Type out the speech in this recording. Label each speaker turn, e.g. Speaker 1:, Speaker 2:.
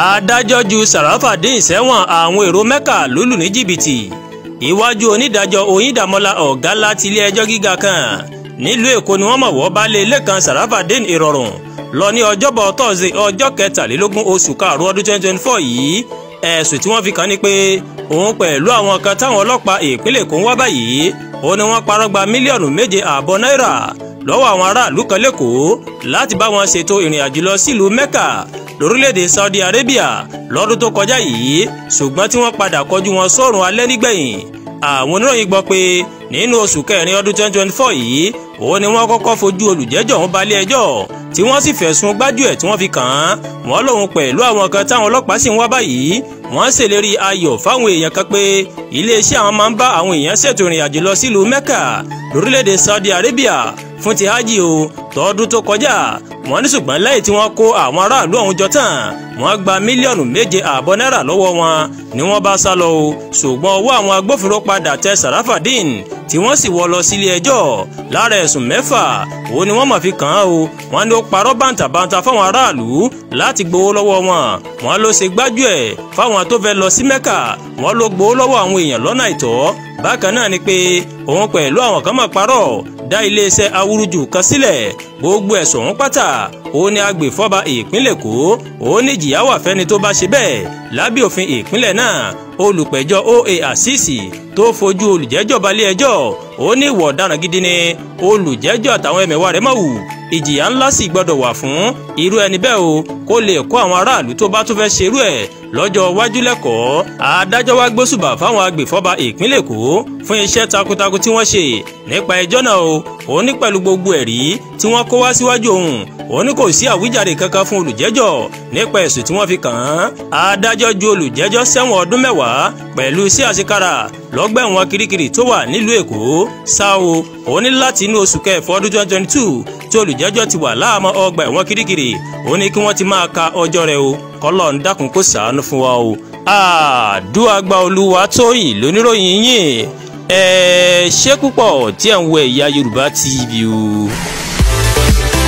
Speaker 1: adájọ́ ju Sàràfàdín sẹ́wọ̀n àwọn èrò Mẹ́kà lólù ní jìbìtì iwájú onídàájọ́ Oyíndàmọ́lá ọ̀gá láti ilé ẹjọ́ gíga kan nílùú Èkó ni wọ́n mọ̀ wọ́ bá lé ilé kan Sàràfàdín Ìrọ̀rùn lọ ní ọjọ́bọ̀ tọ́sídẹ̀ẹ́ ọjọ́ kẹtàlélógún oṣù karùn-ún ọdún 2024 yìí ẹ̀sùn tí wọ́n fi kàn ní pé òun pẹ̀lú àwọn kan táwọn ọlọ́pàá ìpínlẹ̀ Èkó ń wá báyìí ó ní wọ́n parọ́ gba mílíọ̀nù méje ààbọ̀ náírà lọ́wọ́ àwọn aráàlú kan lẹ́kọ̀ọ́ láti bá wọn ṣètò ìrìn àjò lọ sílùú Mẹ́kà lórílẹ̀‐èdè Saudi Arabia lọ́dún tó kọjá yìí ṣùgbọ́n tí wọ́n padà kọjú wọn sọ́run alẹ́ nígbẹ̀yìn àwọn oníròyìn gbọ́ pé nínú oṣù kẹrin ọdún 2024 yìí òun ni wọ́n kọ́kọ́ fojú olùjẹ́jọ́ ọ̀hún balẹ̀ ẹjọ́ tí wọ́n sì fẹ̀sùn gbájúẹ̀ tí wọ́n fi kàn án wọ́n lòun pẹ̀lú àwọn kan táwọn ọlọ́pàá sì ń wá báyìí wọ́n ṣèlérí ayọ̀ fáwọn èèyàn kan pé iléeṣẹ́ àwọn máa ń bá àwọn èèyàn ṣètò ìrìn lọ sílùú Mẹ́kà lórílẹ̀‐èdè Saudi Arabia fún ti hajj o tọdún tó kọjá wọ́n ní ṣùgbọ́n lẹ́yìn tí wọ́n kó àwọn aráàlú ọ̀hún jọ tán wọ́n gba mílíọ̀nù méje ààbọ̀ náírà lọ́wọ́ wọn ni wọ́n bá sá lọ o ṣùgbọ́n ọwọ́ àwọn agbófinró padà tẹ Sarafadeen tí wọ́n sì wọ́ lọ sílé ẹjọ́ lára ẹ̀sùn mẹ́fà òun ni wọ́n máa fi kàn án o wọ́n ní ó parọ́ bàǹtàbàǹtà fáwọn aráàlú láti gbowó lọ́wọ́ wọn wọ́n ló ṣe gbájú ẹ̀ fáwọn tó fẹ́ lọ sí Mẹ́kà wọ́n ló gbowó lọ́wọ́ àwọn èèyàn lọ́nà àìtọ́ bákan náà ni pé òun pẹ̀lú àwọn kan máa parọ́ dá iléeṣẹ́ awúrúju kan sílẹ̀ gbogbo ẹ̀sùn ọ̀hún pátá Música òun ni agbèfọ́ba ìpínlẹ̀ èkó òun ní ìjìyà wà fẹ́ni tó bá ṣe bẹ́ẹ̀ lábẹ́ òfin ìpínlẹ̀ náà olùpẹ̀jọ́ oa àṣìṣì tó fojú olùjẹ́jọ́ balẹ̀-ẹjọ́ òun ní ìwọ̀ ọ̀daràn gidi ni olùjẹ́jọ́ àtàwọn ẹ̀mẹ̀wà rẹ̀ mọ̀ wù ìjìyà ńlá sì gbọdọ̀ wà fún irú ẹni bẹ́ẹ̀ o kó lè kó àwọn aráàlú tó bá tún fẹ́ ṣerú ẹ̀ lọ́jọ́ iwájú lẹ́kọ̀ọ́ adájọ́ wa gbósùbà fáwọn agbèfọ́ba ìpínlẹ̀ èkó fún iṣẹ́ takuntakun tí wọ́n ṣe nípa ẹjọ́ náà o òun ní pẹ̀lú gbogbo ẹ̀rí tí wọ́n kó wá síwájú òun òun ní kò kò sí àwíjàre kankan fún olùjẹ́jọ́ nípa ẹ̀sùn tí wọ́n fi kàn án adájọ́ ju olùjẹ́jọ́ sẹ́wọ̀n ọdún mẹ́wàá pẹ̀lú iṣẹ́ àṣekára lọ́gbà Kirikiri tó wà nílùú Èkó ṣá o láti inú oṣù kẹfọ ọdún twenty twenty two tí olùjẹ́jọ́ ti wà láàmọ́ ọgbà ẹ̀wọ̀n Kirikiri ó ní kí wọ́n ti máa ka ọjọ́ rẹ̀ o kọ́lọ́ ń dákun kó ṣàánú fún wa o àdúràgbà olúwa tóyìn lóníròyìn yìí ẹ ṣé púpọ̀ tí ẹ̀ ń wo Ẹ̀yà Yorùbá TV o.